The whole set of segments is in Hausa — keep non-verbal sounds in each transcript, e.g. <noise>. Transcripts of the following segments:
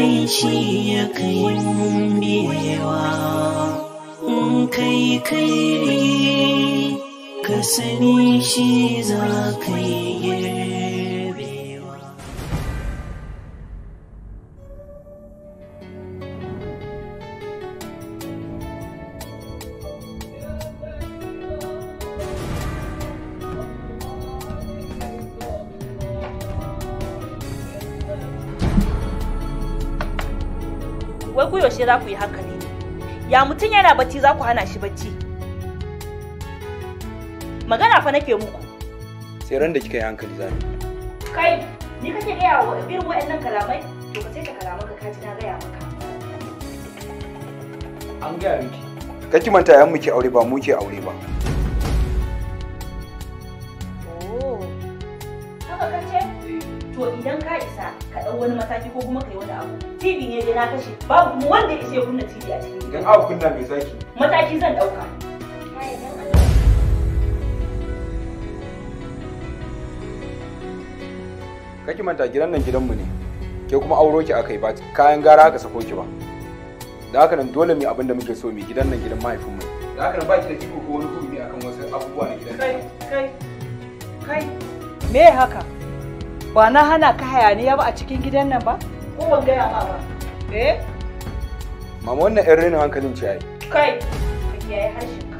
yi shi ya kai in kai kai ka sani shi za ka yi za ku yi haka ne ya mutum yana bacci za ku hana shi bacci magana fa nake muku sai ran da kika yi hankali za ni kai ni kake gaya wa irin waɗannan kalamai to ka sai ka kalaman ka kaji na gaya maka an gaya miki kaki manta yan muke aure ba muke aure ba mataki ko kuma kai wani abu tv ne dai na kashe babu wanda ya ce kunna tv a cikin idan abu kunna mai zaki mataki zan dauka kake manta gidan nan gidanmu ne ke kuma auro ki aka yi ba kayan gara aka sako ki ba da haka nan dole mu abin da muke so mu gidan nan gidan mahaifinmu da haka nan ba ki da iko ko wani hurumi akan wasu abubuwa na gidan kai kai kai me haka ba na hana ka hayaniya ba a cikin gidan nan ba ko ban gaya ma ba eh mama wannan yan rainin hankalin ci yayi. kai yayi harshen ka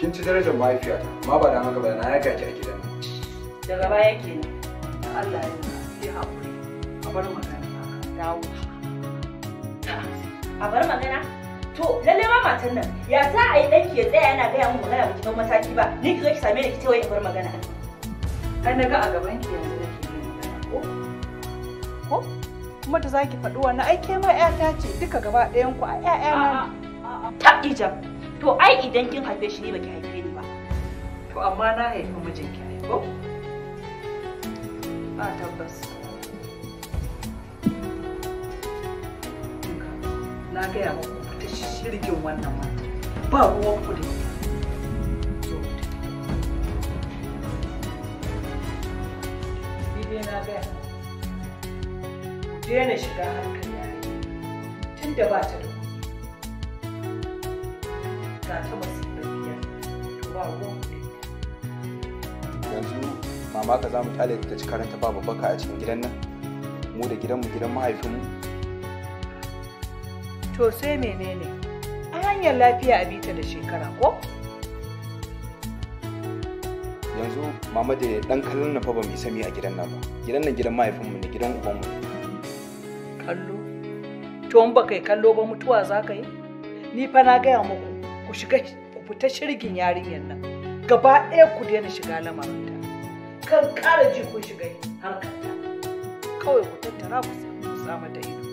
kin ci darajar mahaifiyata ma ba da haka ba na ya ki a gidan nan daga baya kenan Allah ya yi haƙuri a bar magana dawo a bar magana to lalle ma matan nan ya za a yi danki ya tsaya yana gaya mu magana ba ki ban mataki ba ni ki zo ki same ni ki ce wai in bar magana Kai na ga a gaban ki yanzu nake yi ko? Ko? Kuma da zaki faɗi wani ai ke ma ƴata ce duka gaba ɗayan ku a ƴaƴa na. Ta ijab. To ai idan kin haife shi ne baki haife ni ba. To amma na haifi mijinki ai ko? Ba tabbas. Na gaya muku ta shirgin wannan mata. Ba ruwan ku da daina shiga harkar yayi tun da ba ta da kuɗi ga ta masu tafiya to ba ruwan yanzu mama ka za mu kyale ta ci karanta ba ka a cikin gidan nan mu da gidanmu gidan mahaifinmu to sai menene a hanyar lafiya a bita da shekara ko yanzu mama da dan kallon na fa ba mu isa a gidan nan ba gidan nan gidan mahaifinmu ne gidan mu ne kallo to in baka yi kallo ba mutuwa za ka yi ni fa na gaya muku ku shiga ku fita shirgin yarinyar nan gaba ɗaya ku daina shiga lamarinta kan ƙara ji ku shiga harkarta kawai ku tattara ku samu da ido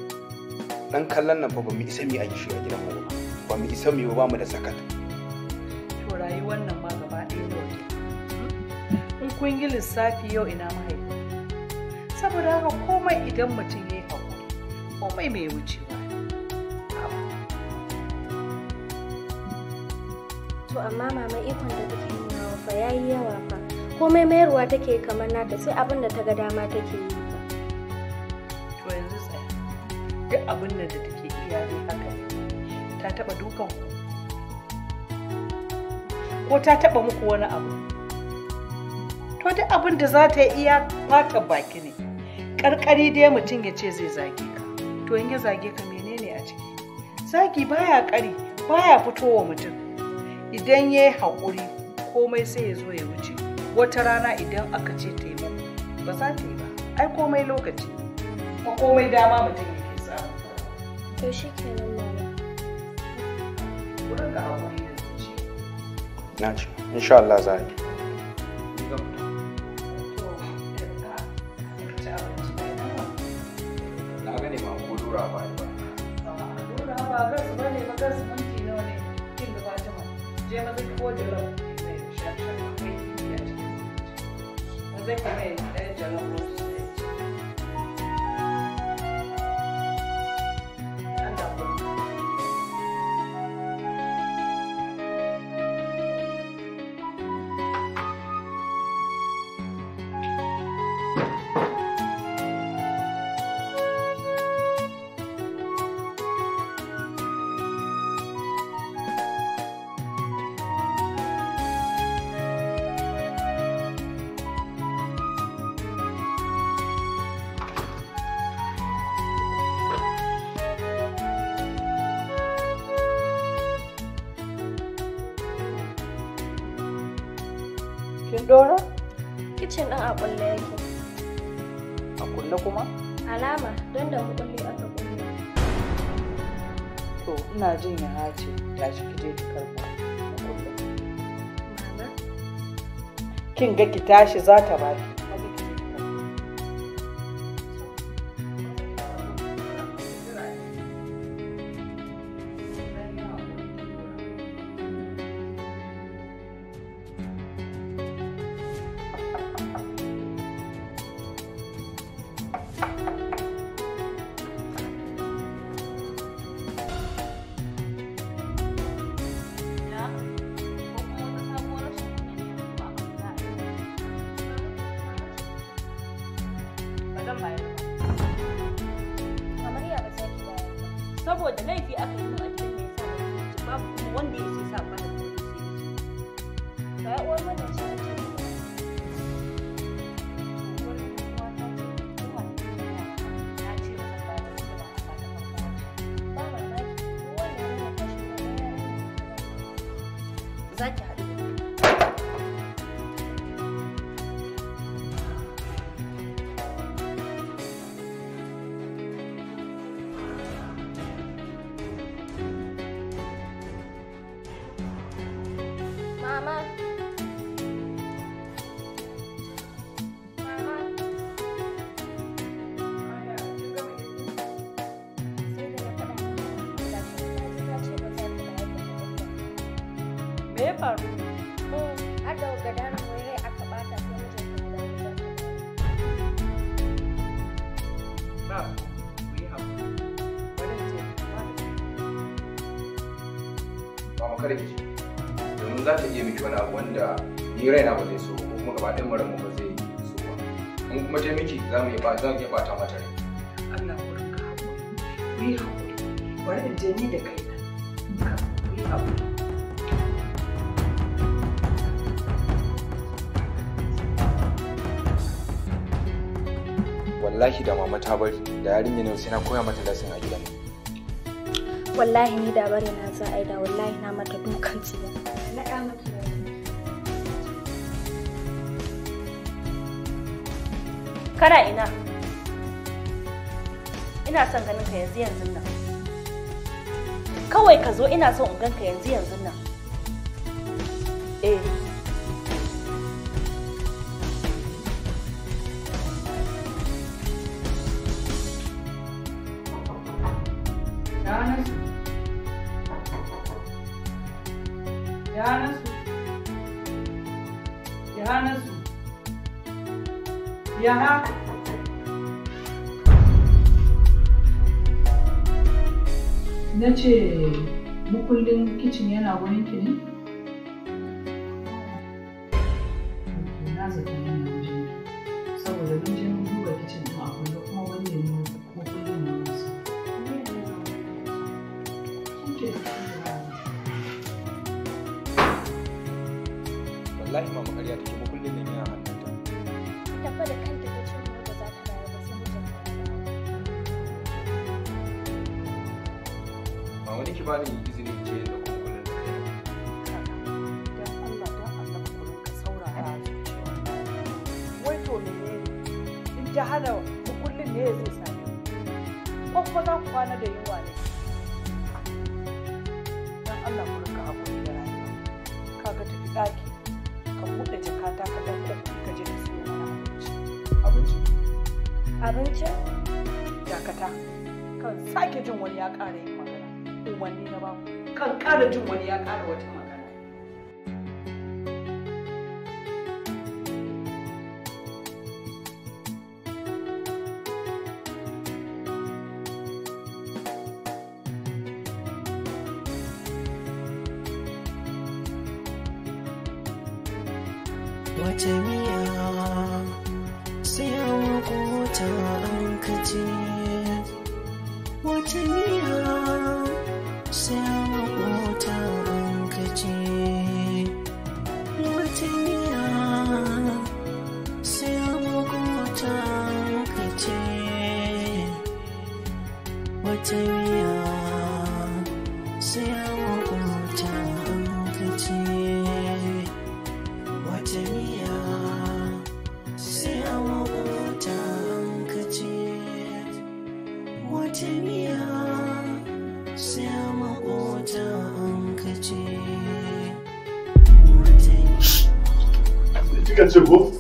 dan kallon nan fa ba mu isa mu yi shi a gidan mu ba mu isa mu ba mu da sakata to rayuwar nan ma gaba ɗaya da wani hmm? in kun yi lissafi yau ina mahaifi saboda haka komai idan mutum komai mai wucewa to amma mama ikon da take nuna fa yayi yawa fa komai mayarwa take kamar nata sai abin da ta ga dama take yi to yanzu tsaya duk abin da take iya ne haka ta taba dukan ku ko ta taba muku wani abu to duk abin da za ta iya fata baki ne karkari dai mutum ya ce zai zage to in ya zage ka menene a ciki zagi baya kari baya fitowa mutum idan ya yi haƙuri komai sai ya zo ya wuce wata rana idan aka ce ta yi ba za ta yi ba ai komai lokaci ko komai dama mutum ya ke samu to shi ke nan mama wurin ga haƙuri da zuci na ce insha Allah za a yi for development, é que and Jacob, and Jacob. Dora? Kicin ɗin a kulle yake. A kulle kuma? Alama don da kulle aka kulle. To ina jin ya hace tashi shi je ki karɓa. Kin ga ki tashi za ta baki. saboda laifi aka yi min abin da ya babu kuma wanda ya ce sa ba da kuɗi sai ba ya uwar mana ce ce Zaki da ni raina ba zai so kuma gaba mara maran ba zai so ba mun kuma ta miki za mu yi ba zan iya bata mata ne Allah ku rinka haƙuri ku yi haƙuri bari in je ni da kai na ku yi haƙuri wallahi da mama ta bari da yarinya ne sai na koya mata lasin a gidan wallahi ni da bari na za a yi da wallahi na mata dukan tsiya Kana ina? Ina son ganin ka yanzu yanzu nan. Kawai ka zo ina son in ka yanzu yanzu nan. Eh. Janus. Janus. यहाँ na ce makullin kicin yana wurin ki ne? defensive wolf.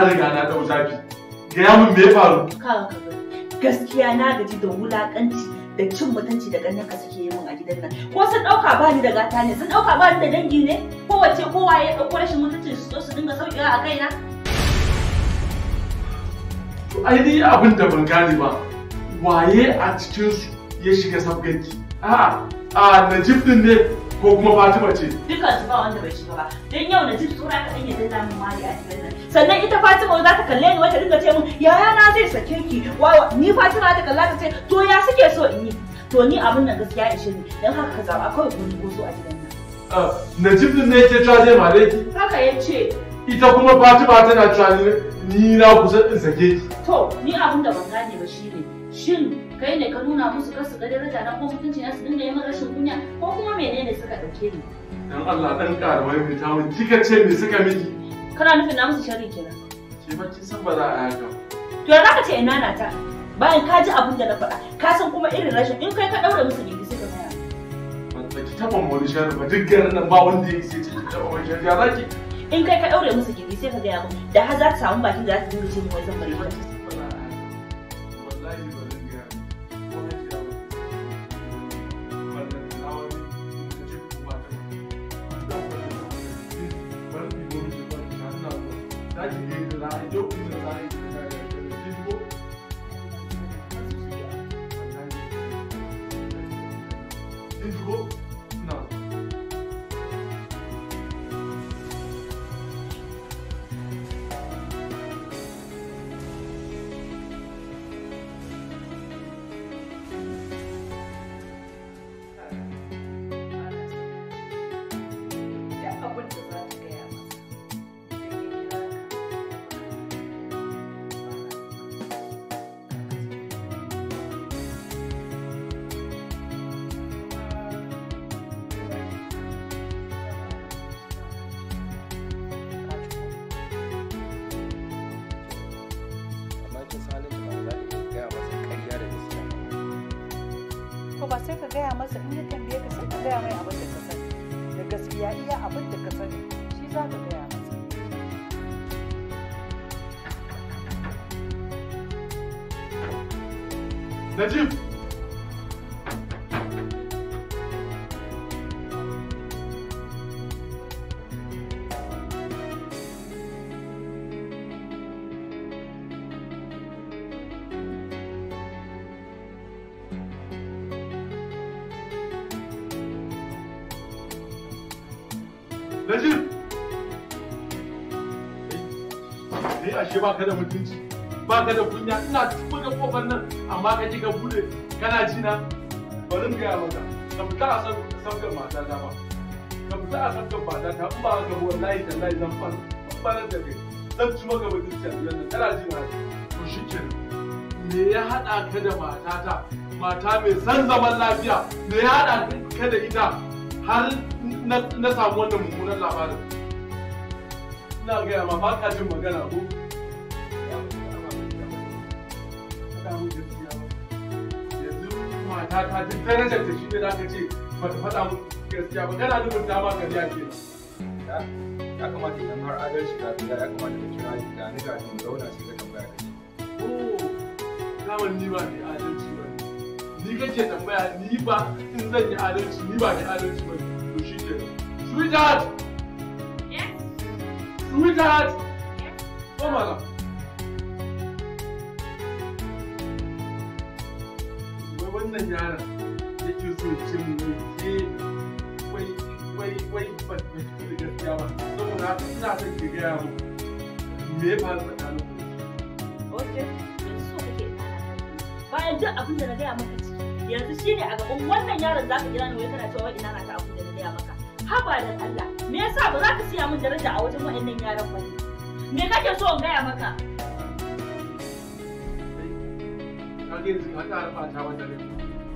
na riga na dau zafi gaya min me faru gaskiya na gaji da wulakanci da cin mutunci da ganin ka suke yi min a gidan nan ko sun dauka ba ni da gata ne sun dauka ba ni da dangi ne kowace kowa ya dauko rashin mutunci su so su dinga saukewa a kaina ai ni abin da ban gane ba waye a cikin su ya shiga sabgarki a'a a najib din ne ko kuma fatima ce Dukkan su ba wanda bai shiga ba don yau najib tsora kaɗan ya dalla min mari a sannan ita Fatima za ta kalle ni wata dinga ce min yaya na zai sake ki wawa ni Fatima ta kalla ta ce to ya suke so in yi to ni abin nan gaskiya ishe ni dan haka ka zaba kawai ni gozo a gidan nan ah, Najib din ne yake cewa ma, mare ki haka yace ita kuma Fatima tana cewa ni na kusa din sake ki to ni abin da ban gane ba shine shin kai ne ka nuna musu kar su ga daraja na ko mutunci na su dinga yin rashin kunya ko kuma menene suka dauke ni dan Allah dan karuwa mai ta mun kika ce me suka miki kana nufin na musu sharri kenan shi ba kin san ba za a yaka to ya zaka ce ina na ta bayan ka ji abin da na faɗa ka san kuma irin rashin in kai ka daure musu gindi suka tsaya ba ki taba mu wani sharri ba duk garin nan ba wanda ya ce ki taba wani sharri ya zaki in kai ka daure musu gindi sai ka ga ya da har za ta samu bakin da za ta dinga ce mu wai zan bari I do. ashe ba ka da mutunci ba ka da kunya ina buga kofar nan amma ka ji ka bude kana ji na bari mu gaya maka ka fita a san saukar mata ta ba ka fita a sabgar mata ta ba ka wallahi tallahi zan fara zan fara da kai zan ci maka mutunci a nan kana ji na to shikenan me ya hada ka da matata mata mai san zaman lafiya me ya hada ka da ita har na samu wannan mummunan labarin ina gaya ma ba ka jin magana ko mata ta ta ta ta shi ne za ka ce ba ta faɗa mu gaskiya ba kana nufin dama ka riya ke ya kamata idan har adalci da ya kamata ka kira ni da ni ga mu zauna sai ka tambaya ka ce. Naman oh, ni ba ni adalci ba ni kake tambaya ni ba in zan yi adalci ni ba ni adalci ba to shi ke sweetheart sweetheart oh my god wannan yaron yake so ce mu ke wai wai wai ba ta fi da gaskiya ba saboda haka ina son ki gaya mu me ya faru tsakanin ku okay so kake bayan duk abin da na gaya maka ciki, yanzu shi ne a gaban wannan yaron za ka gina ni wai kana cewa ina na ta abin da na gaya maka haba da Allah me yasa ba za ka siya min daraja a wajen wa'annan yaran ba me kake so in gaya maka ka ga yanzu ka ƙara wata wannan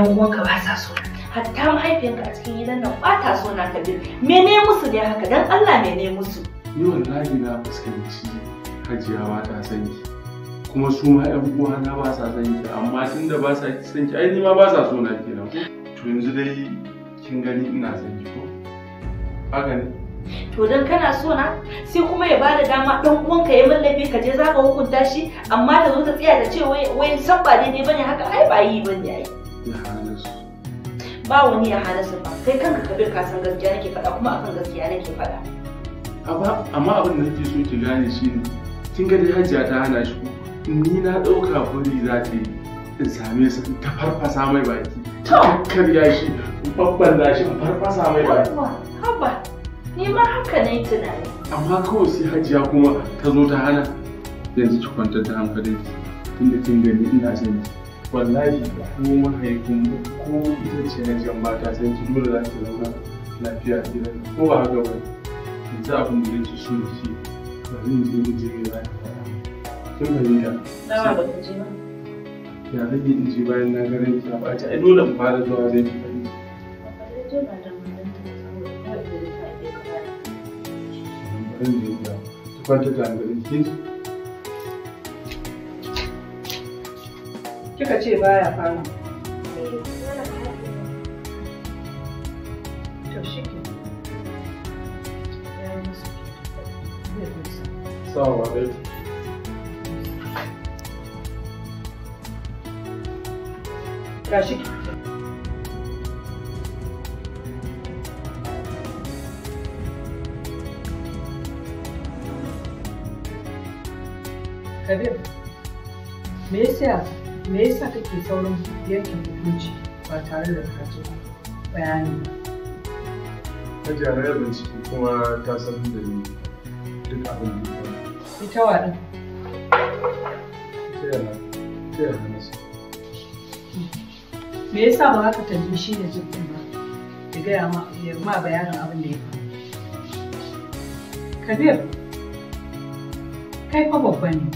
yan uwanka ba sa so hatta mahaifiyanka a cikin gidan nan ba ta so na kabir mene musu ne haka dan Allah mene musu ni wallahi na fuskanci hajiya ba ta san ki kuma su ma yan na ba sa san ki amma tunda ba sa san ki ai ni ma ba sa so na kenan to yanzu dai kin gani ina san ki ko haka ne to dan kana so na sai kuma ya bada dama dan uwanka ya mallabe ka je zaka hukunta shi amma ta zo ta tsaya da ce wai wai san ba daidai bane haka ai ba yi bane ai ba wani ya hana su ba kai kanka kabir ka san gaskiya nake faɗa kuma akan gaskiya nake faɗa amma abin da nake so ki gane shi ne kin ga dai hajiya ta hana shi ni na ɗauka kuri za ta yi in same su ta farfasa mai baki ta karya shi babban da shi farfasa mai baki haba ni ma haka ne tunani amma kawai sai hajiya kuma ta zo ta hana yanzu ki kwantar da hankalinki tunda kin gani ina jin ki wallahi ko mahaifin ko ita ce na jan mata sai ki dole za ki zauna lafiya gidan ko ba haka ba yanzu abin da yake so ki bari mu je mu je mu za ki fara kin fahimta ba ka ba ya zan yi je bayan na garin ki a ta ai dole mu fara zuwa zai ki ta Thank you. Kika ce baya fara. To shi ke. me yasa kake sauran yanke hukunci ba tare da kaji bayani ta ji ranar bincike kuma ta san da ni duk abin da ya yi ta wa ɗin ta yana nasu me yasa ba haka tambayi shi da jirgin ba ya gaya ma bayanin abin da ya faru kabir kai fa babba ne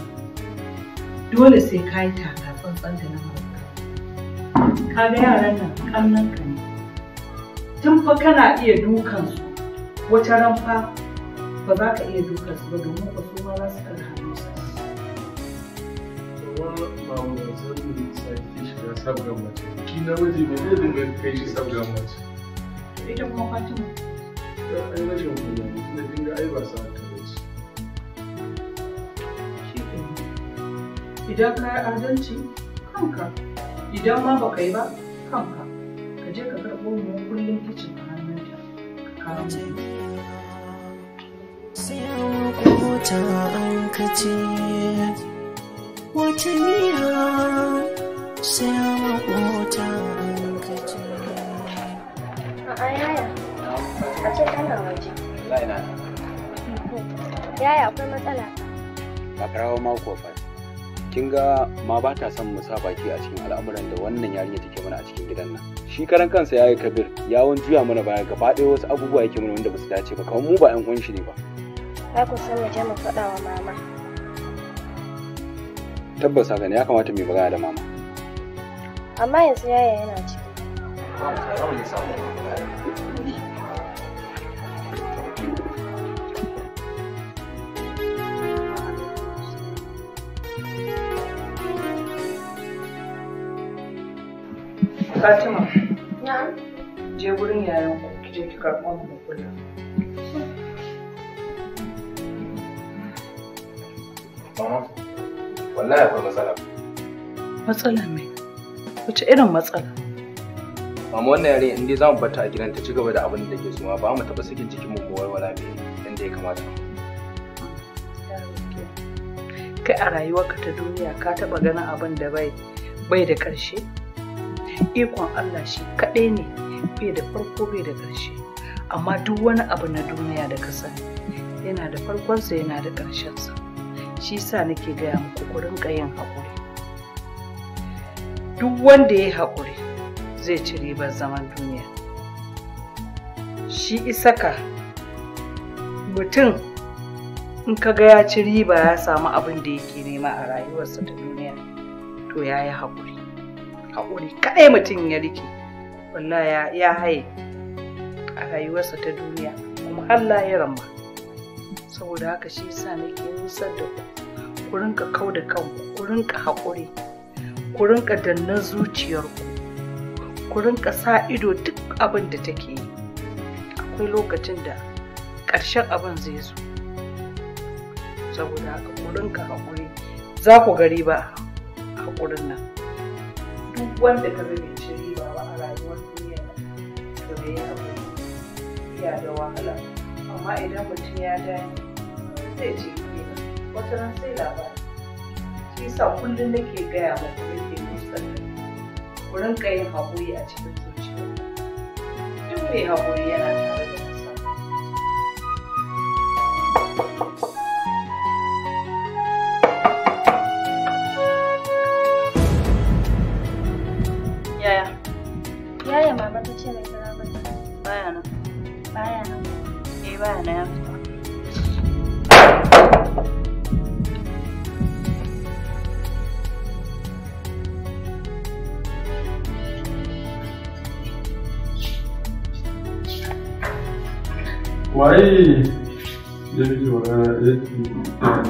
dole sai ka yi taka tsantsan ka ga yaran nan kannan ka ne tun fa kana iya dukan su wata ran fa ba za ka iya dukan su ba domin ba su ma za su kan hannu su kuma ba mu zan mu sake shiga sabgar mace ki namiji ba zai dinga kai shi sabgar mace ita kuma fatima ta ai rashin kunya da dinga ai ba sabgar idan ka yi adalci kanka idan ma baka yi ba kanka ka je ka karɓo mu kullum kicin a hannunta ka an yaya ce waje yaya akwai matsala ba kawo mako ba kin ga ma ba ta son mu sa baki a cikin al'amuran da wannan yarinya take mana a cikin gidan nan shi karan kansa yayi kabir ya wani juya mana baya gaba ɗaya wasu abubuwa yake mana wanda ba su dace ba kamar mu ba yan uwan shi ne ba ai ku san mu je mu faɗa wa mama tabbas haka ne ya kamata mu yi magana da mama amma yanzu yaya yana ciki Fatima. Na'am. Je gurin yayan ku kije je ki karɓo mu kula. Mama, wallahi akwai matsala. Matsala me? Wace irin matsala? Mama wannan yare in dai zamu bata a gidan ta ci gaba da abin da take so ba mu taɓa sakin cikin mu ko walwala me inda ya kamata. Kai a rayuwarka ta duniya ka taɓa ganin abin da bai bai da ƙarshe? ikon Allah shi kaɗai ne bai da farko bai da ƙarshe amma duk wani abu na duniya da kasa yana da farkonsa yana da ƙarshensa shi sa nake gaya muku ku rinka yin haƙuri duk wanda ya haƙuri zai ci ribar zaman duniya shi isaka mutum in ka ga ya ci riba ya samu abin da yake nema a rayuwarsa ta duniya to ya yi haƙuri haƙuri kaɗai mutum ya rike wallahi ya haye a rayuwarsa ta duniya kuma har lahiran ma saboda haka shi yasa nake nusar da ku ku rinka kau da kanku ku rinka haƙuri ku rinka dannan zuciyarku ku rinka sa ido duk abin da take yi akwai lokacin da ƙarshen abin zai zo saboda haka ku rinka haƙuri za ku gari ba haƙurin nan duk wanda ka ga bai ci ba a rayuwar duniya to da ya iya da wahala amma idan mutum ya ja zai ci riba wata ran sai labari shi sa kullum nake gaya muku nake nisan ku rinka yin haƙuri a cikin zuciya duk mai haƙuri yana tare da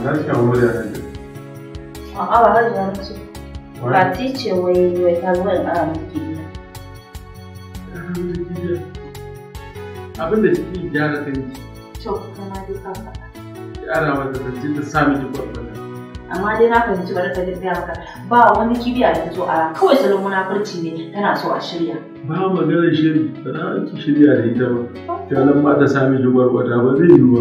na shi amma da a'a ba na ce tice wai wai gyara ta kwakwata amma dai na fahimci maka ba wani kibiya zo a kawai salon munafurci ne tana so a shirya ba maganar shiri ba za a shirya da ita ba ta nan ma ta sami jigwar wata ba zai yi ba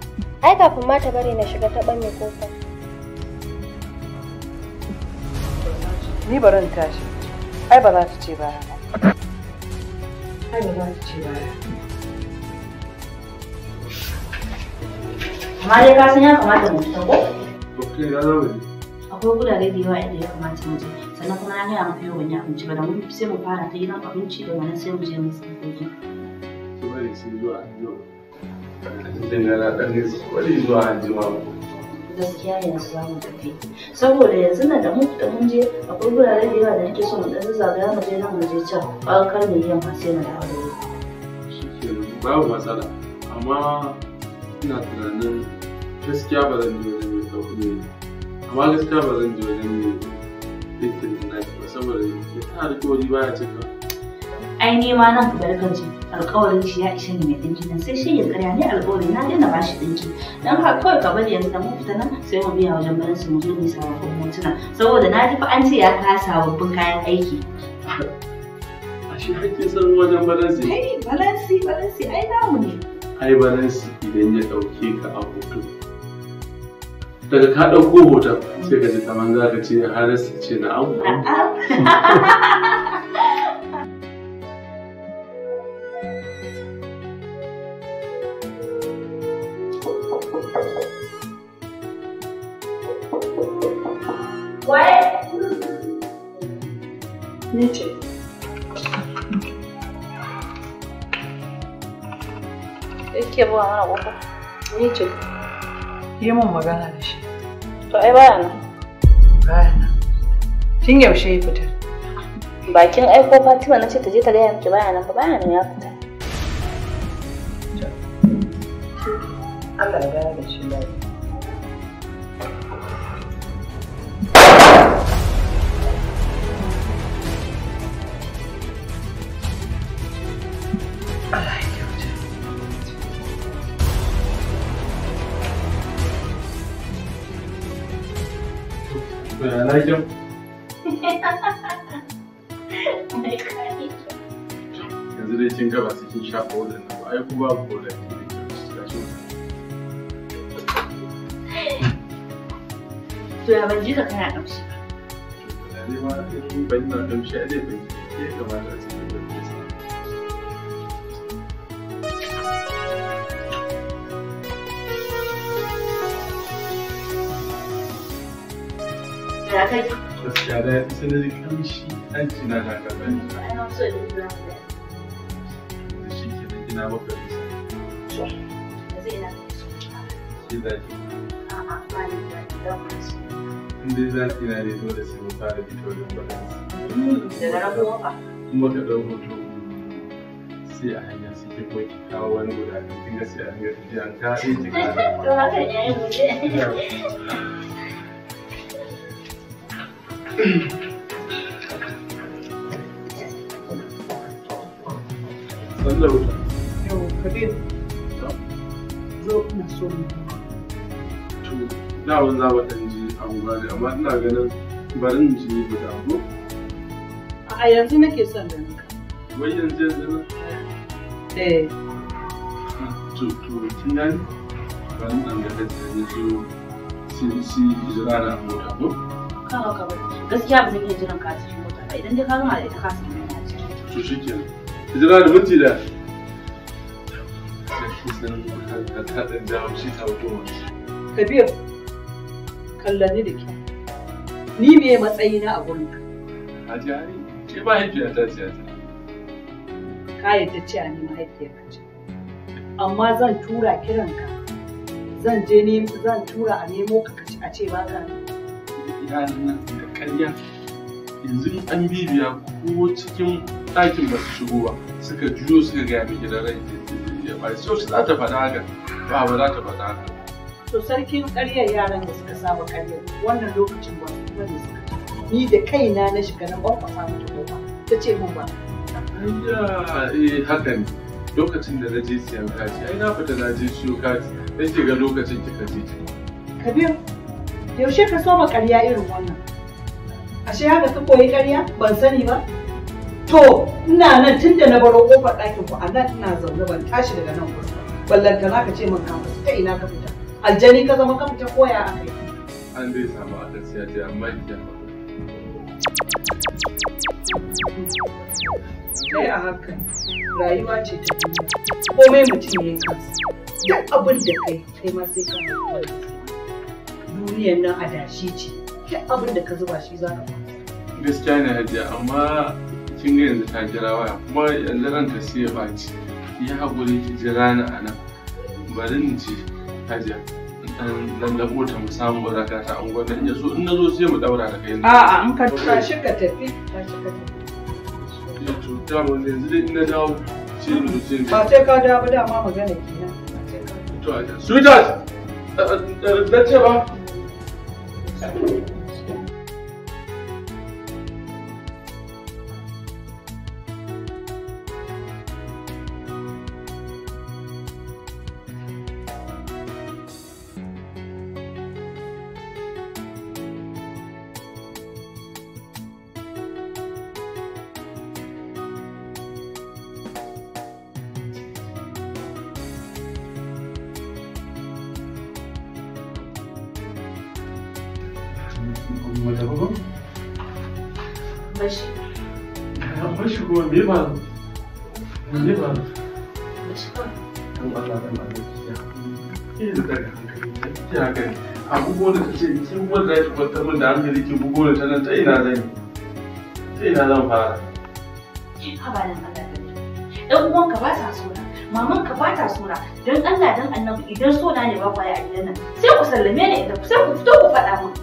ai kafin ma ta bari na shiga ta banne kofa ni baran tashi ai ba za ta ce baya ba ai ba za ta ce ba amma ka san ya kamata mu fita ko ok ya zama ne akwai gurare da yawa inda ya kamata mu je sannan kuma na gaya mafi yawan ban abinci ba da mun sai mu fara ta yi gidan abinci da wani sai mu je mu sai mu ki. Sai zuwa yau. jin gana ɗan ne wani zuwa an jima gaskiya yanzu za mu tafi saboda yanzu nan da muku da mun je akwai wurare da yawa da nake so mu ɗan zagaya mu je nan mu je can ba kar mu yi yamma sai mu dawo babu matsala amma ina tunanin gaskiya ba zan je wajen mai sauƙi ne amma gaskiya ba zan je wajen mai ɗinkin da naki ba saboda ya ta alƙawari baya cika ai nema ma nan gaba kan ji alƙawarin shi ya isa ni mai ɗinki nan sai shi ya tsaya ni alƙawarin na daina ba shi ɗinki dan haka kawai ka bari yanzu da mu fita nan sai mu biya wajen barin su mu zo mu sababbin hotuna saboda na ji fa an ce ya kasa, babban kayan aiki. A shi hakkin san wajen balansi. Ai balansi balansi ai namu ne. Ai balansi idan ya ɗauke ka a hoto. Daga ka ɗauko hoton sai ka ji kamar za ka ce har ce na'am. A'a. <laughs> Me too. Yake buwa mana ƙofa? Ni ce. Yi mun magana da shi. To ai baya nan. Baya nan. Tun yaushe ya fita? Bakin ko Fatima na ce ta je ta gaya miki baya nan ba baya nan ya fita. Allah ya gaya da shi. To ya dai kin ke ga ba. Ba ne ma ban na ƙamshi a dai ban ya kai gaskiya da ya fi sanar kamshi aiki na da gaba ne ana so da zuwa da shi ke da gina maka nisa shi za ki inda za ki na ne dole sai mun fara fito da balansi daga rabu wafa kuma ka ɗau hoto sai a hanya suke ko ki kawo wani guda kin ga sai a hanyar tafiya ta ɗin to haka yayin mu Kabir, zo ina so mu. za mu ɗan ji abubuwa ne, amma ina ganin barin in guda abu. A yanzu nake son da naka. Wai yanzu yanzu na? Eh. To, to, kin gani? Bari in ɗan ga da zo, sai sai jira da abu. kawo ka ba gaskiya ba zan iya jiran ka cikin mota ba idan dai ka gama da ita ka san me ya ci to shikenan jira da minti da Kabir, kallani da kyau. Ni me matsayina a gurinka? Haji Hari, ke mahaifiyata ce ta. Ka yadda ce a ni mahaifiyarka ce. Amma zan tura kiran ka, zan je ne zan tura a nemo ka a ce ba ka yaran nan da ƙarya yanzu an bibiya ko cikin ɗakin ba su shigo ba suka juyo suka gaya mai gidan rai ya bai so za ta faɗa haka ba ba za ta faɗa haka. to sarkin ƙaryar yaran da suka saba ƙaryar wannan lokacin ba su bane suka ni da kaina na shiga na ƙwaƙwasa mata goma ta ce mun ba. eh haka ne lokacin da na je siyan kati ai na fita na je siyo kati nake ga lokacin kika je. Kabir yaushe ka soma ƙarya irin wannan ashe haka ka koyi ƙarya ban sani ba to ina nan tun da na baro ƙofar ɗakin ku a nan ina zaune ban tashi daga nan gurin ballanta na ka ce min ka fita ta ina ka fita aljani ka zama ka fita koya a kai an dai samu a gaskiya ce amma idan ba kai a hakan rayuwa ce ta komai mutum ya yi kansa duk abin da kai kai ma sai ka duniyan nan adashi ce kai abin da ka zuba shi za ka ba gaskiya ne hajiya amma kin ga yanzu ta jira waya kuma yanzu ranka sai ya baci ya haƙuri ki jira ni a nan bari in ji hajiya dan labo ta mu samu baraka ta an gwada in yaso in nazo sai mu daura da kai a'a in ka tashi ka tafi tashi ka tafi ya to yanzu dai in na dawo ce mu ce ba sai ka dawo da ma magana kenan to a sweetheart da eh, eh, ce ba Thank you. mu tafi ba? Bashi. Bashi kuma me ba? Me ba? Bashi ba. Dan Allah dan Allah ya. Ki da hankali ki hankali. Abubuwan da kace ki wanda ya tabbata min da hankali ki bugo da tanan ta ina ta ina zan fara. uwanka ba ta sura don Allah don annabi idan sona ne ba kwaya a gidan nan sai ku sallame ne idan sai ku fito ku faɗa min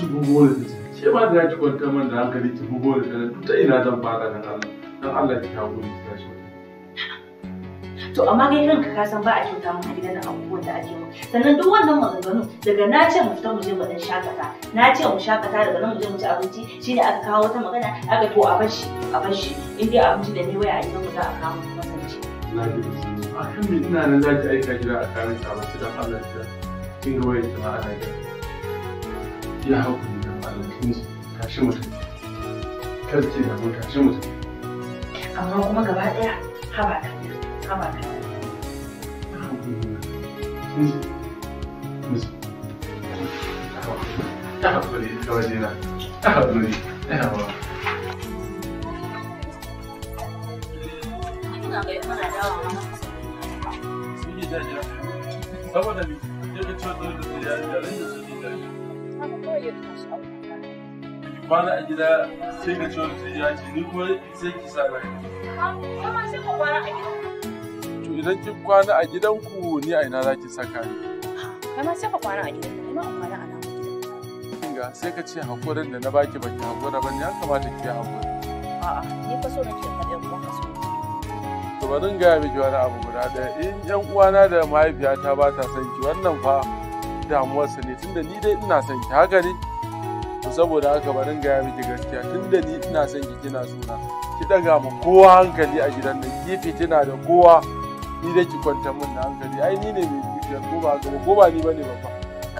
shigo bola ta ce ke ma da ya ki kwanta man da hankali ki bugo da tare ta ina zan fara nan Allah dan Allah ki kawo ni ta to amma kai kanka ka san ba a kyauta mun a gidan nan abubuwan da ake mun sannan duk wannan maganganun daga na ce mu fita mu je mu dan shakata na ce mu shakata daga nan mu je mu ci abinci shi ne aka kawo wata magana aka to a bar shi a bar shi in dai abinci da ne waya a gidan mu za a kawo mu kuma sanci a kan ina nan za ki aika gida a karin abinci don Allah ki kin ruwaye ki ma ana gida ki haƙuri da kwanakinsu tashi mutum kar da damu tashi mutum amma kuma gaba ɗaya haba ta haba ta ta haƙuri ta wajena ta haƙuri ta haƙuri saboda ne ya ce da ya haka kwana a gida sai ka ci wani ya ce ni kuma sai ki sa na kuma sai kwana a gidan to idan kin kwana a gidanku ni a ina za ki saka ni kai ma sai ka kwana a gidan ku ma a kwana a nan kinga sai ka ce hakurin da na baki baki hakura ba ne ya kamata ki hakuri a'a ni fa so nake ka ɗan uwan ka so to bari in gaya miki wani abu guda ɗaya in ƴan uwana da mahaifiyata ba ta san ki wannan fa damuwarsa ne tunda ni dai ina son ki haka ne to saboda haka in gaya miki gaskiya tunda ni ina son ki kina suna ki daga mu kowa hankali a gidan nan ki fitina da kowa ni dai ki kwanta min da hankali ai ni ne mai fitina ko ba ga ko ba ni bane ba fa.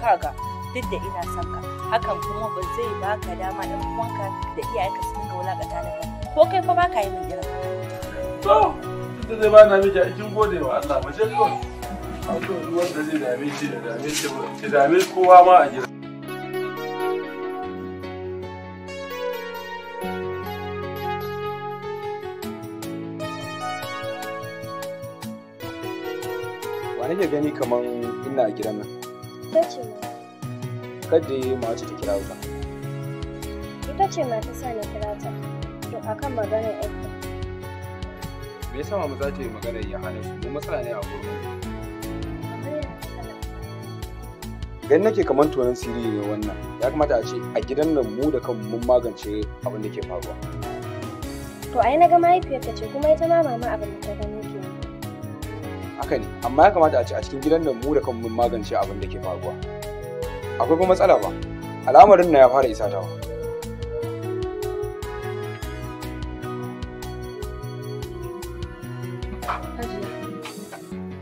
kaga duk da ina son ka hakan kuma ba zai baka dama da wanka da iyayenka su dinga wulakata da kai ko kai fa baka yi min irin haka to tunda zai ba na miki cikin gode wa Allah ba ce kawai wani zai shi da kowa ma a wa gani kaman ina a gidan nan ita ce kada yi ma wacce ta kira wuta ita ce ma ta sa ni kira ta to kan maganar ita me yasa ma za ta yi maganar ya hana su mu matsala ne a gurbin Idan nake kamar tonon sirri ne wannan ya kamata a ce a gidan nan mu da kanmu mun magance abin da ke faruwa to ai na ga mahaifiyarta ce kuma ita ma mama abin da ta gani ke haka ne amma ya kamata a ce a cikin gidan nan mu da kanmu mun magance abin da ke faruwa akwai kuma matsala ba al'amarin na ya fara isa ta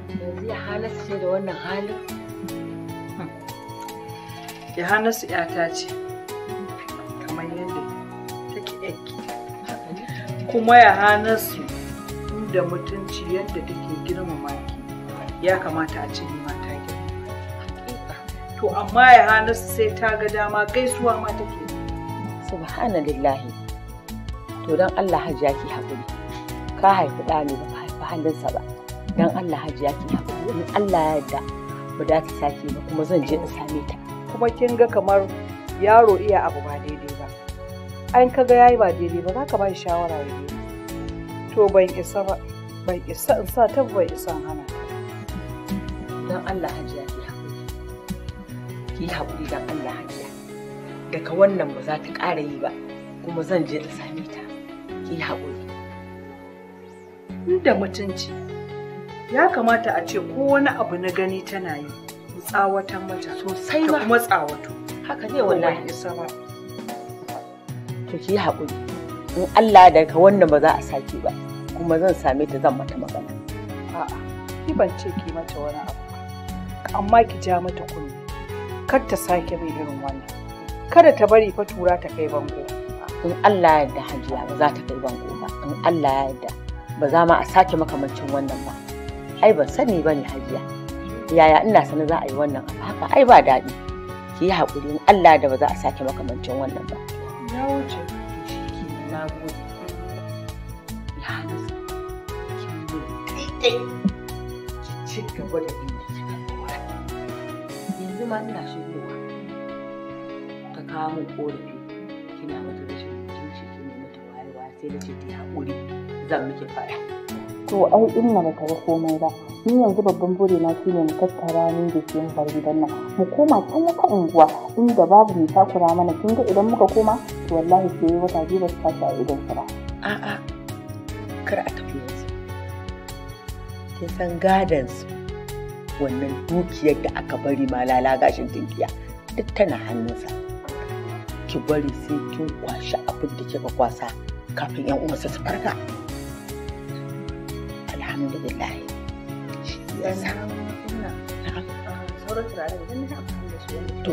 Hajiya, ya da wannan halin Yohanasu ‘yata ce, kamar yadda take ‘yanki. Kuma Yohanasu da mutunci yadda take girmama ki ya kamata a ce ni mata girma. To amma Yohanasu sai ta ga dama gaisuwa ma take. Subhanallahi. To don Allah hajiya ki haƙuri. Ka haifi ɗa ne ba ka haifi halinsa ba. Don Allah hajiya ki haƙuri. Wani Allah ya yarda ba za ta sake ba kuma zan je in same ta. kuma kin ga kamar yaro iya abu ba daidai ba an kaga yayi ba daidai ba za ka ba shi shawara ya yi to ban isa ba ban isa in sa ta ban isa hana dan Allah hajiya ki haƙuri ki haƙuri dan Allah hajiya daga wannan ba za ta ƙara yi ba kuma zan je da same ta ki haƙuri inda mutunci ya kamata a ce ko wani abu na gani tana yi tsawatan mata sosai ba kuma tsawato haka ne wallahi isa ba to ki haƙuri in Allah da ka wannan ba za a saki ba kuma zan same ta zan mata magana a'a ki ban ce ki mata wani abu amma ki ja mata kunni kar ta sake mai irin wannan kada ta bari fa tura ta kai bango in Allah ya yarda hajiya ba za ta kai bango ba in Allah ya yarda ba za ma a sake makamancin wannan ba ai ban sani bane hajiya yaya ina sani za a yi wannan abu haka ai ba daɗi ki yi haƙuri in Allah da ba za a sake makamancin wannan ba ya wuce shi na gode ya hana ki ci gaba da inda yanzu ma ina shigowa ka kawo min ƙorafi kina mata rashin mutunci kina mata wayewa sai da ce ta haƙuri zan miki fara to ai in na ba komai ba ni yanzu babban na shi ne tattara ni da ke bar gidan nan mu koma can ka unguwa inda babu mai takura mana kin ga idan muka koma to wallahi sai yi wata biyu su a idan su ba a'a kar a tafi yanzu kin san gadon wannan dukiyar da aka bari ma lala gashin dinkiya duk tana hannunsa ki bari sai kin kwashi abin da kika kwasa kafin yan uwansa su farka alhamdulillah gaskiya sauran turaren idan na amfani da su wani to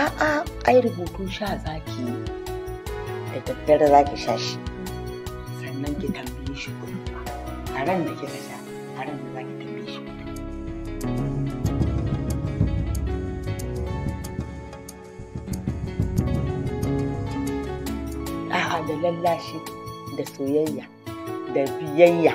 a'a ai rubutu sha zaki da daddare zaki sha shi sannan ki tambaye shi kuɗi a ran da kika sha a ran da zaki tambaye shi a'a da lallashi da soyayya da biyayya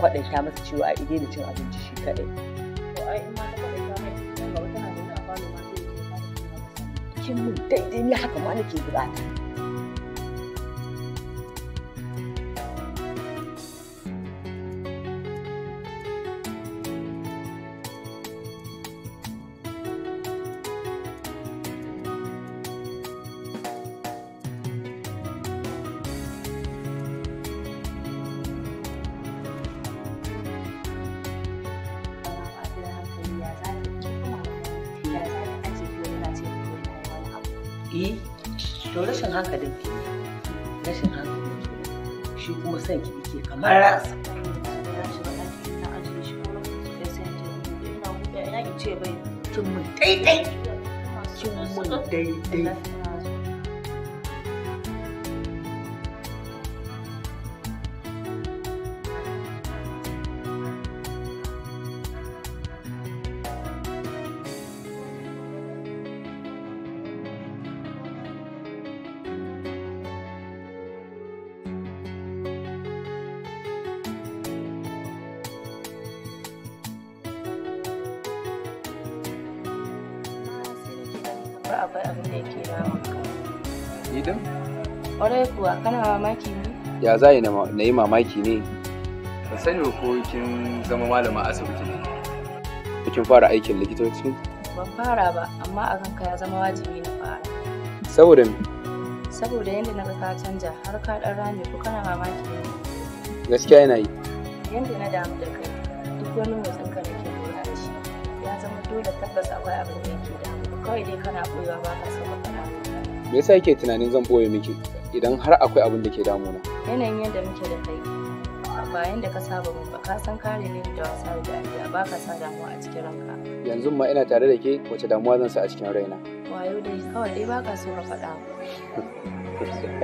kwaɗanta masa cewa a da cin abinci shi kaɗai. Kin mun daidai ne haka ma nake buƙata. akwai abin da yake damun ka. Idan? Ƙwarai kuwa kana mamaki ne? Ya za na yi mamaki ne? Ban sani ba ko kin zama malama asibiti ne. Kin fara aikin likitoci? Ban fara ba, amma a kanka ya zama wajibi na fara. Saboda me? Saboda yadda na ka canja har ka ɗan rame ko kana mamaki ne. Gaskiya yana yi. Yadda na damu da kai duk wani motsin ka da ke lura da shi ya zama dole tabbas akwai abin da yake damu. kawai dai kana koyewa ba ka me yasa yake tunanin zan boye miki idan har akwai abin da ke damuna yanayin yadda muke da kai ba yanda ka saba mu ba ka san kare ne da wasa da dariya ba ka sa damuwa a cikin ranka yanzu ma ina tare da ke wace damuwa zan sa a cikin raina wayo dai kawai dai ba ka so ka faɗa <laughs>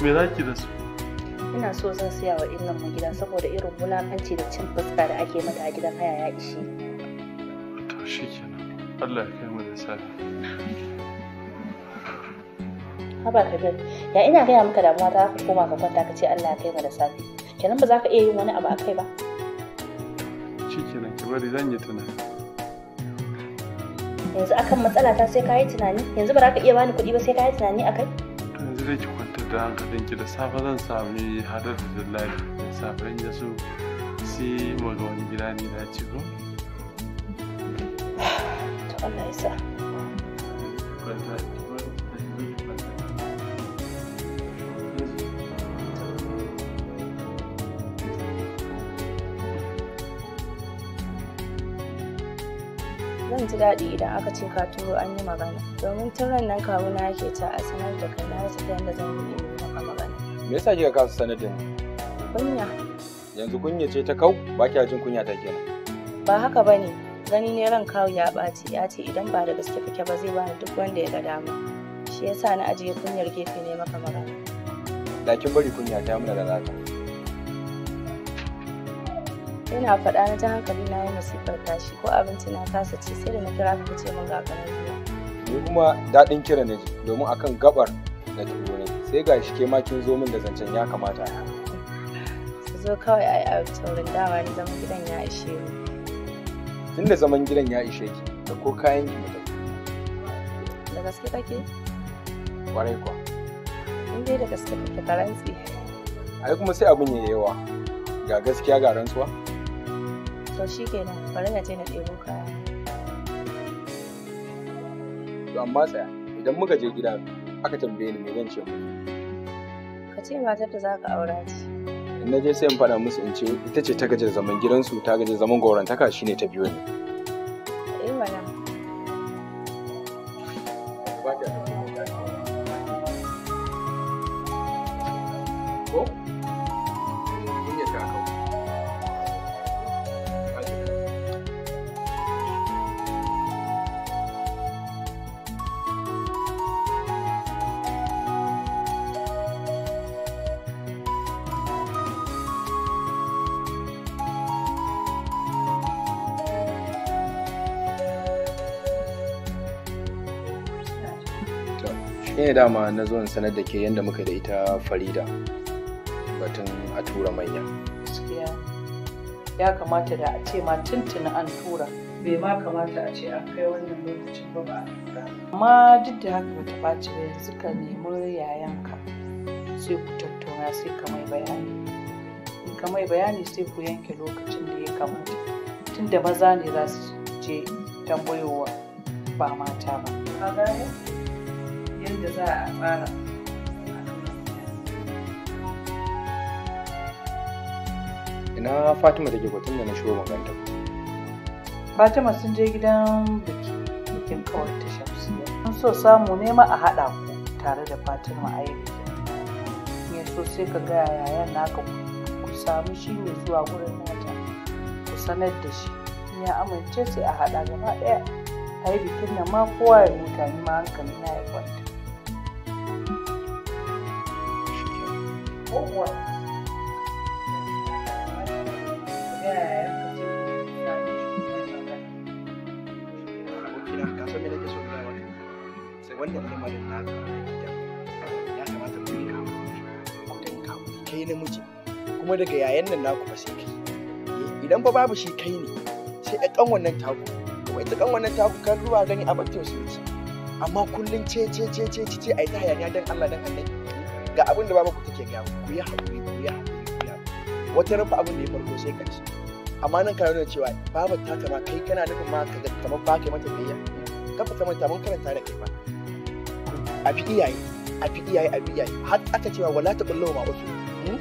me za ki da su ina so zan siya wa innan mu gida saboda irin wulakanci da cin fuska da ake mata a gidan haya ya ishe to shi kenan Allah ya kai mu da safe haba kabir ya ina gaya maka damuwa ta ka koma ka kwanta ka ce Allah ya kai mu da safe kenan ba za ka iya yin wani abu a kai ba shi kenan ki bari zan yi tunani yanzu akan matsala ta sai ka yi tunani yanzu ba za ka iya bani kuɗi ba sai ka yi tunani akai yanzu dai ki da hankalinki da safe zan sami hadar da live da safe in yaso sai mu ga wani gida ne da ci ko Allah ya sa. daɗi idan aka ce ka turo an yi magana domin turan nan kawuna yake ta a sanar da kai na rasa ta yadda zan yi maka magana. Me yasa kika kasa sanar da ni? Kunya. Yanzu kunya ce ta kau ba kya jin kunya ta kenan. Ba haka ba ne gani ne ran kawu ya ɓaci ya ce idan ba da gaske kake ba zai bani duk wanda ya ga dama. Shi yasa na ajiye kunyar gefe ne maka magana. Lakin bari kunya ta muna da zata. yana faɗa na jan hankali na yi masifar tashi ko abinci na kasa ci sai da na kira ka ce mun ga kanan zuwa ni kuma daɗin kira na ji domin akan gabar da turo ne sai ga shi ke ma kin zo min da zancen ya kamata ya su zo kawai ai a taurin dawa ni zaman gidan ya ishe ni da zaman gidan ya ishe ki da ko kayan ki mutum da gaske kake kwarai kuwa in dai da gaske kake karantsi ai kuma sai abin ya yawa ga gaskiya ga rantsuwa to shi kenan bari na je na ɗebo kaya to amma tsaya idan muka je gida aka tambaye ni me zan ce ka ce matar da za ka aura ce in na je sai in faɗa musu in ce ita ce ta gaje zaman gidansu ta gaje zaman shi ne ta biyo ni Oh. shi ne dama na zuwan sanar da ke yadda muka da ita farida batun a tura manya gaskiya ya kamata da a ce ma tuntuni an tura bai ma kamata a ce an kai wannan lokacin ba ba amma duk da haka ta ɓaci ba suka ka nemi yayanka sai ku tattauna sai ka mai bayani in ka mai bayani sai ku yanke lokacin da ya kamata tunda maza ne za su je tambayowa ba mata ba. yadda za a fara ina fatima take batun da na shigo maganta fatima sun je gidan biki bikin kawai ta shamsiya an so samu nema a haɗa ku tare da fatima a yi biki so sai ka gaya yayan naka ku samu shi ne zuwa wurin nata ku sanar da shi ya amince sai a haɗa gaba ɗaya a yi bikin nan ma kowa ya mutane ma hankali na ya kwanta Ou bota. wannan lamarin na kuma daga yayan nan naku ba sai kai idan ba babu shi kai ne sai a kan wannan taku kuma ita kan wannan taku kan ruwa gani a bakin matausayi amma kullum ce ce ce ce ce ai ta hayaniya don Allah dan Allah ga abin da babanku take gaya ku yi haƙuri ku yi haƙuri ku yi haƙuri wata rufe abin da ya farko sai ci, amma nan kana nuna cewa babu ta kama kai kana nufin ma ka ga kamar ba kai mata biyayya kafa ta mata mun karanta da kai ba a fi iyaye a fi iyaye a fi iyaye har aka cewa wala ta kullu ma wasu hmm?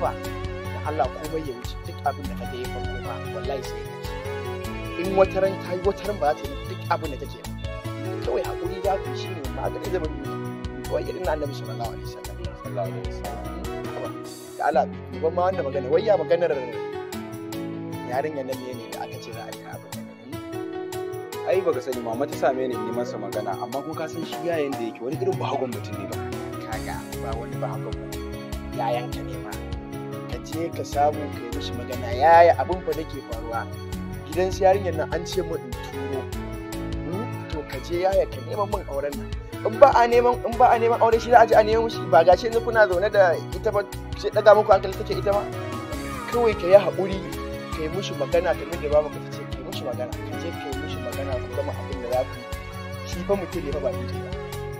ba da Allah komai ya wuce duk abin da kake yi farko ba wallahi sai ka in wata ran ta yi wata ran ba za ta yi duk abin da take kawai haƙuri za ku shi ne ga zaman duniya wai irin na annabi sallallahu alaihi wasallam sallallahu alaihi wasallam da Allah duban ma wannan magana wai ya maganar yarinyar nan ne da aka ce za a yi abin ai baka sani mama ta same ni in masa magana amma ko ka san shi yayin da yake wani irin bahagon mutum ne ba kaga ba wani bahagon yayan ka ne ma ka je ka samu ka yi mishi magana yaya abin fa dake faruwa gidan su yarinyar nan an ce mu in turo hmm? to ka je yaya ka neman min auren nan in ba a neman in ba a neman aure shi za a je a neman shi ba gashi yanzu kuna zaune da ita ba sai daga muku hankali take ita ma kawai ka yi haƙuri ka yi mushi magana ka nuna ba ka ce ka yi mushi magana ka je ka yi mushi magana ku zama abin da za ku shi fa mutum ne fa ba inji ba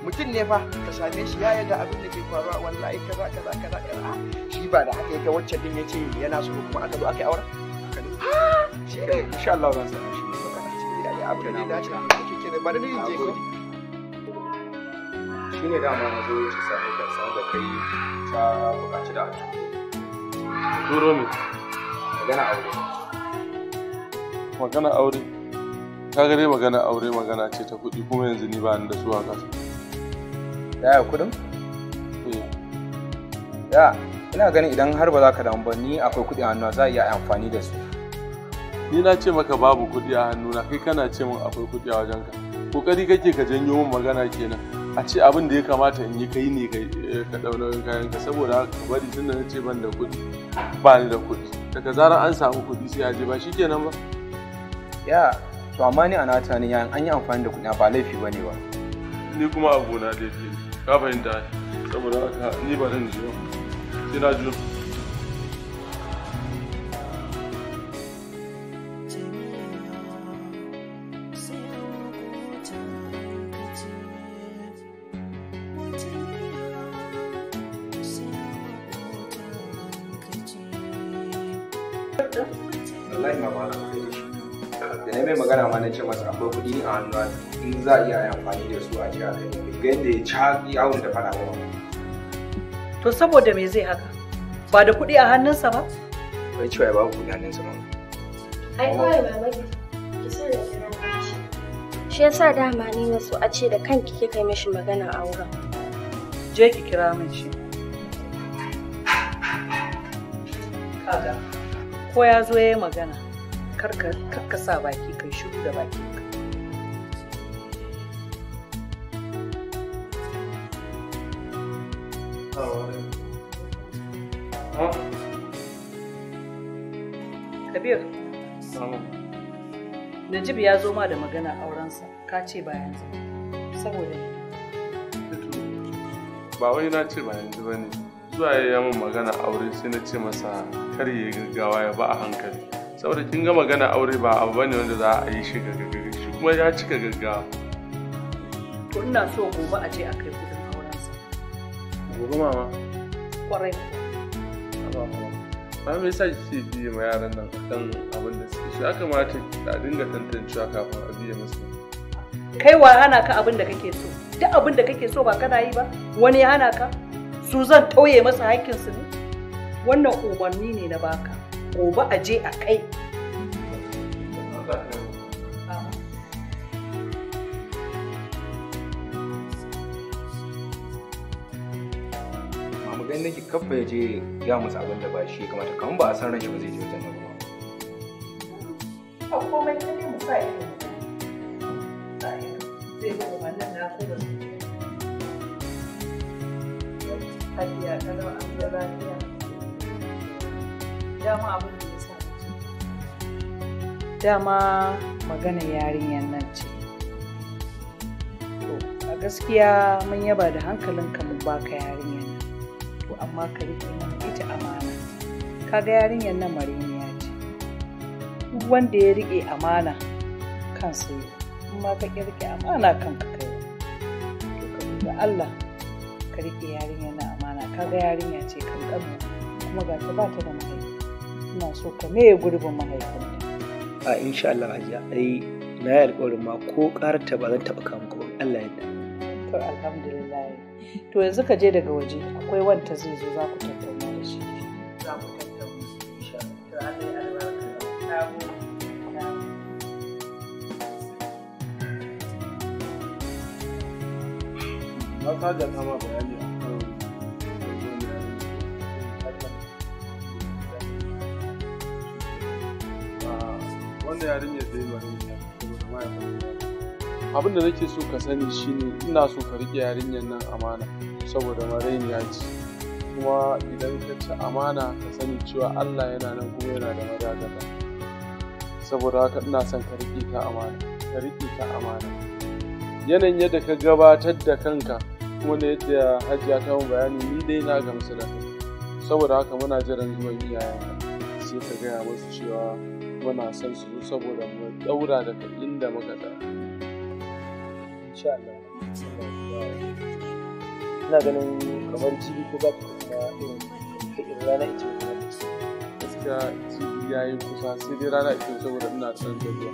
mutum ne fa ka same shi ya yaga abin da ke faruwa wallahi kaza kaza kaza kaza ah, shi ba da haka ya ga wacce din ce yana so kuma aka zo aka yi aure shi ne insha Allah zan sanar shi magana cikin gida ya abin da ya dace ba da ni je ko shi ne dama na zo ya sa da san da kai ta bukaci da ato turo mi magana aure magana aure ka gare magana aure magana ce ta kuɗi kuma yanzu ni ba ni da su a kasa yaya kuɗin eh. ya ina ganin idan har ba za ka damu ba ni akwai kuɗi a hannu za a iya amfani da su ni na ce maka babu kuɗi a hannuna kai kana ce min akwai kuɗi a wajenka kokari kake ka janyo min magana kenan a ce abin da ya kamata in yi kai ne ka ɗaunar eh, kayan ka saboda ka bari tun da ce ban da kuɗi ba ni da kuɗi daga zarar an samu kuɗi sai a je ba shi kenan ba ya to amma ni a na tunanin yayin an yi amfani da kuɗi ba laifi ba ne ba ni kuma a gona daidai ka fahimta saboda haka ni ba zan ji ba sai na ji hannu in za a iya amfani da su a ji a kai ga yadda ya ci awon da fara ba to saboda me zai haka ba da kuɗi a hannunsa ba bai cewa ya ba kuɗi hannunsa ba ai kawai baba ki sai da kira shi ya sa dama ni na so a ce da kanki kika mishi magana a wurin? je ki kira min shi kaga ko ya zo ya yi magana karka sa baki kai shiru da baki हाँ kabir najib ya zo ma da magana aurensa ka ce ba yanzu saboda ba wai na ce ba yanzu ba ne zuwa ya yi magana aure sai na ce masa kar ya gaggawa ya ba a hankali saboda kin ga magana aure ba abu bane wanda za a yi shi gaggawa shi kuma ya cika gaggawa to ina so gobe a ce a kai gobe mama kwarai ba me yasa kike biye ma yaran nan kan abin da suke shi ya kamata a dinga tantancewa kafin a biye musu kai wa hana ka abin da kake so duk abin da kake so ba kana yi ba wani ya hana ka su zan tauye masa haƙƙinsu ne wannan umarni ne na baka gobe a je a kai kafa ya je ya musu abin da ba shi ya kamata kamar ba a san rashi ba zai je wajen nan ba. kuma. Dama ya sa Dama magana yarinyar nan ce. a gaskiya mun yaba da ka mu baka yarinya. amma ka riƙe mana ita amana ga yarinyar nan mariniya ce duk wanda ya rike amana kansa yi in ma ka rike amana ka kai to ka ga Allah ka rike yarinyar nan amana ka ga yarinya ce kankanu kuma ga ta ba ta da mahaifi ina so ka me gurbin mahaifinta a insha Allah hajiya ai na yi alƙawarin ma ko ta ba zan taɓa kawo ko Allah ya da to alhamdulillah to yanzu ka je daga waje akwai wanta zai zo za ku tattauna da shi za ku tattauna insha Allah to Allah ya a wanda zai yi wani ya kuma ya abin da nake so ka sani shine ina so ka riƙe yarinyar nan amana saboda marainiya ce kuma idan ka ci amana ka sani cewa allah yana nan kuma yana da madagata saboda haka ina son ka riƙe ta amana ka riƙe ta amana yanayin yadda ka gabatar da kanka kuma da yadda hajiya ta mun bayani ni dai na gamsu da kai saboda haka muna jiran zuwan iyayenka sai ka gaya musu cewa muna son su saboda mu daura daga inda muka tsaya insha Allah ina ganin kamar jibi ko ba kuma irin irin rana ita kuma gaskiya jibi ya yi kusa sai dai rana ita saboda ina son tafiya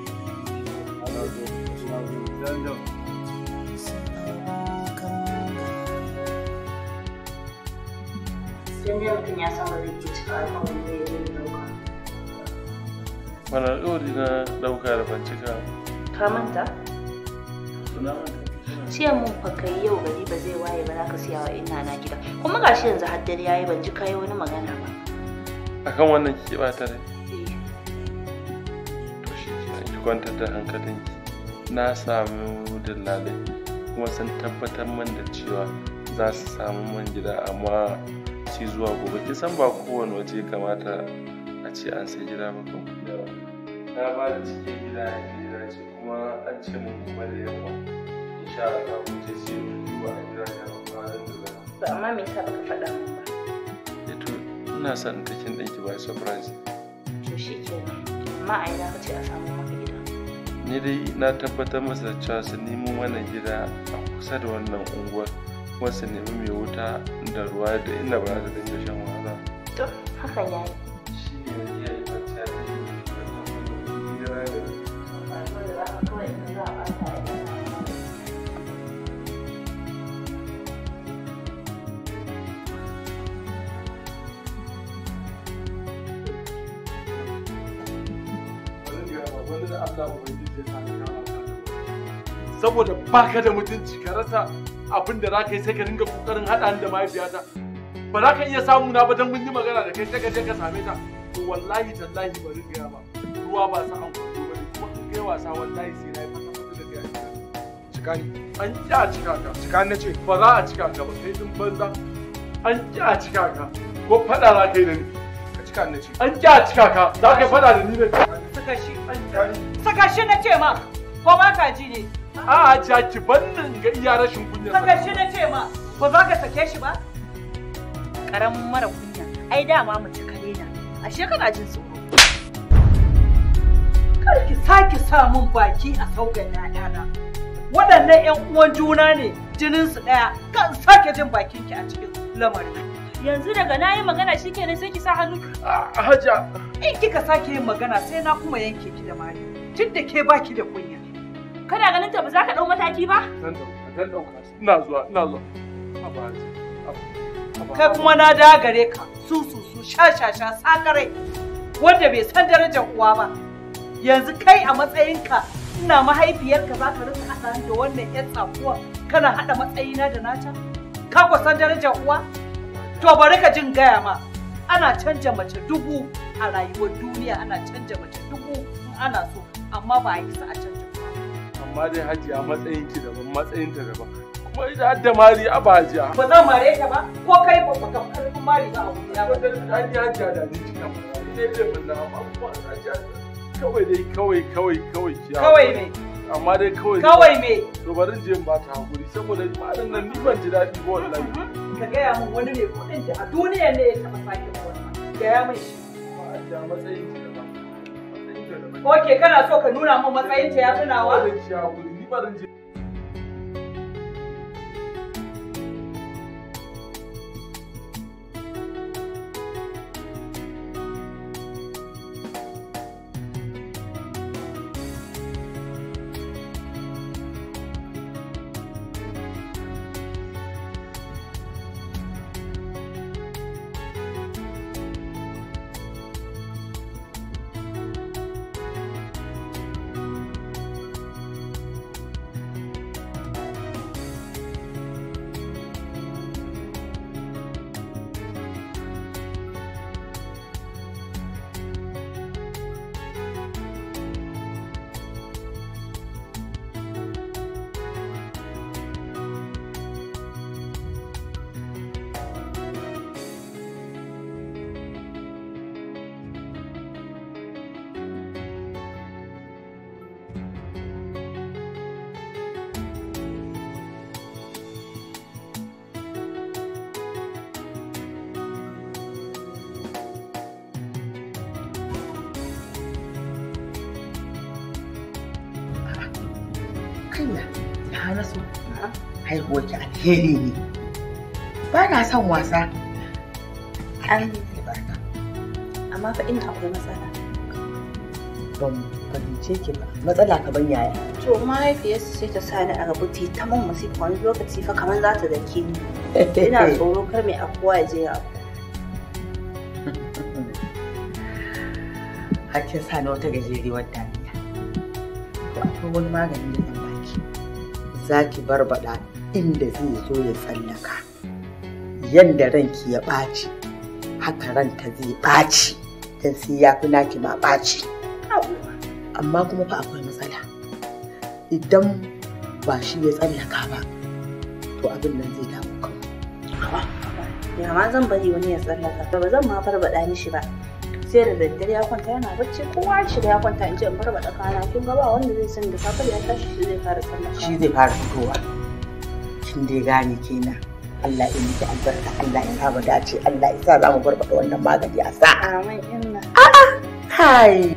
Sun ya sama da ke cika alƙawarin da ya yi ɗauka. Wani alƙawari na ɗauka da ban Ka manta? Suna manta. ce mun fa kai yau gari ba zai waye ba za ka siya wa ina na gida kuma gashi yanzu har dare yayi ban ji kai wani magana ba akan wannan kike bata rai eh. to shi ki kwantar da ki na samu dillalai kuma sun tabbatar min da cewa za su samu man gida amma ci zuwa gobe kisan ba kowane waje kamata a ce an sai gida ba kuma na ba da cikin gida ya ce kuma an ce mun kuma da yamma insha Allah mu je sai mu duba a jira ya amfanin da zai to amma me yasa baka faɗa min ba eh to ina son in takin ɗanki ba surprise to shikenan amma a ina kace a samu maka gida ni dai na tabbatar masa da cewa su nemo mana gida a kusa da wannan unguwar kuma su nemi mai wuta da ruwa da inda ba za ta dinga shan wahala to hakan yayi saboda baka da mutunci ka rasa abin da za ka yi sai ka dinga kokarin haɗa da mahaifiyata ba za ka iya samu na ba don mun yi magana da kai sai ka je ka same ta to wallahi tallahi ba riga ba ruwa ba sa amfani ba ne kuma in kai wasa wallahi sai na yi fata mutu da kai cika ne? an ki a cika ka cika na ce ba za a cika ka ba Sai din banza an ki a cika ka ko faɗa za ka yi da ni ka cika na ce an ƙi a cika ka za ka fada da ni ne saka shi saka shi na ce ma ko ba ka ji ne A hajiya ki ban bannin ga iya rashin kunya. Daga shi na ce ma ba za ka sake shi ba. Karamin mara kunya ai dama mace kare na ashe kana jin tsoro. Kar ki sake sa min baki a saugan na Waɗannan 'yan uwan juna ne jininsu ɗaya kan sake jin bakin ki a cikin lamarin. yanzu daga na yi magana shi kenan sai ki sa hannu. Hajiya. In kika sake yin magana sai na kuma yanke ki da mari. Tun da ke baki da kunya. Kana ganin ta ba za ka ɗau mataki ba? Zan ɗauka, zan Ina zuwa, ina zuwa. Kai kuma na da gare ka su su su sha sha sha sakarai wanda bai san darajar uwa ba. Yanzu kai a matsayinka ina mahaifiyarka za ka rika haɗa da wannan 'yan tsakuwa kana haɗa matsayina da nata? Ka ku san darajar uwa? To bari ka jin gaya ma. Ana canja mace dubu a rayuwar duniya ana canja mace dubu ana so amma ba a yi sa a amma haji a matsayin ki daban matsayin ta daban kuma ita hadda mari a ba a. ba za mare ta ba ko kai ba ka karfin mari ba a wuya ba dan hajiya hajiya da ni cikin ne ne ban da amma kuma hajiya kawai dai kawai kawai kawai ki kawai ne amma dai kawai kawai me to bari je in ba ta hakuri saboda malin nan ni ban ji daɗi ba wallahi ka gaya min wani ne kuɗin ta a duniya ne ya taɓa sake ba wannan gaya min shi ba a matsayin ki Oke kana so ka nuna min matsayin ta ya fi ni ba zan je. haihuwar ki alheri ne ba na son wasa An yi amma fa ina akwai matsala ban fahimce ki ba matsala ka ban yaya to mahaifiyarsu sai ta sa ni a rubuce ta mun masifa wani lokaci fa kamar za ta dake ni <laughs> ina tsoro kar mai afuwa ya je ya <laughs> hakkin sa na wata gajerewar damiya to akwai wani magani da zan baki za ki barbaɗa inda zai zo ya tsallaka yadda ranki ya ɓaci haka ranta zai ɓaci don sai ya fi naki ma ɓaci amma kuma fa akwai matsala idan ba shi ya tsallaka ba to abin nan zai damu kan ya ma zan bari wani ya tsallaka ba zan ma farbaɗa mishi ba sai da daddare ya kwanta yana bacci kowa ya shiga ya kwanta in ce in farbaɗa kana kin ga ba wanda zai san da safe ya tashi shi zai fara tsallaka shi zai fara fitowa tun da ya gane kenan Allah ya miki albarka Allah ya sa dace Allah ya sa za mu barbaɗa wannan magani a sa amin a'a hai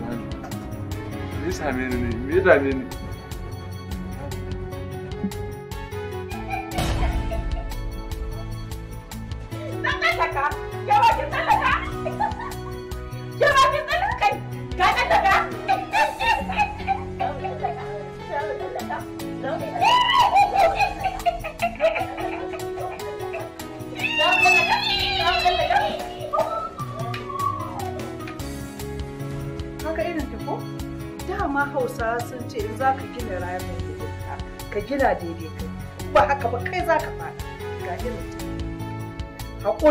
same ni ne me dame ni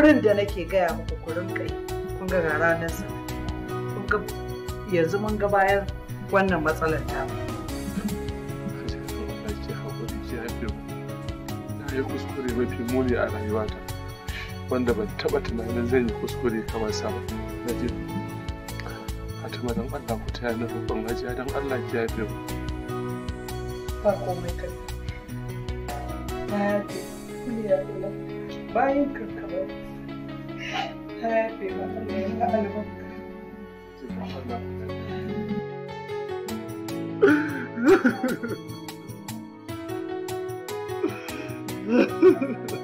Kurin da nake gaya muku kurin kai kun ga ga ranar sa kun ga yanzu mun ga bayan wannan matsalar ta ya kuskure mafi muni a rayuwata wanda ban taɓa tunanin zan yi kuskure kamar sa ba na ji fatima don allah ku taya ni roƙon hajiya don allah ki yafe mu ba komai kai na yafe bayan kankanar هاتي قلبك Ha ha ha.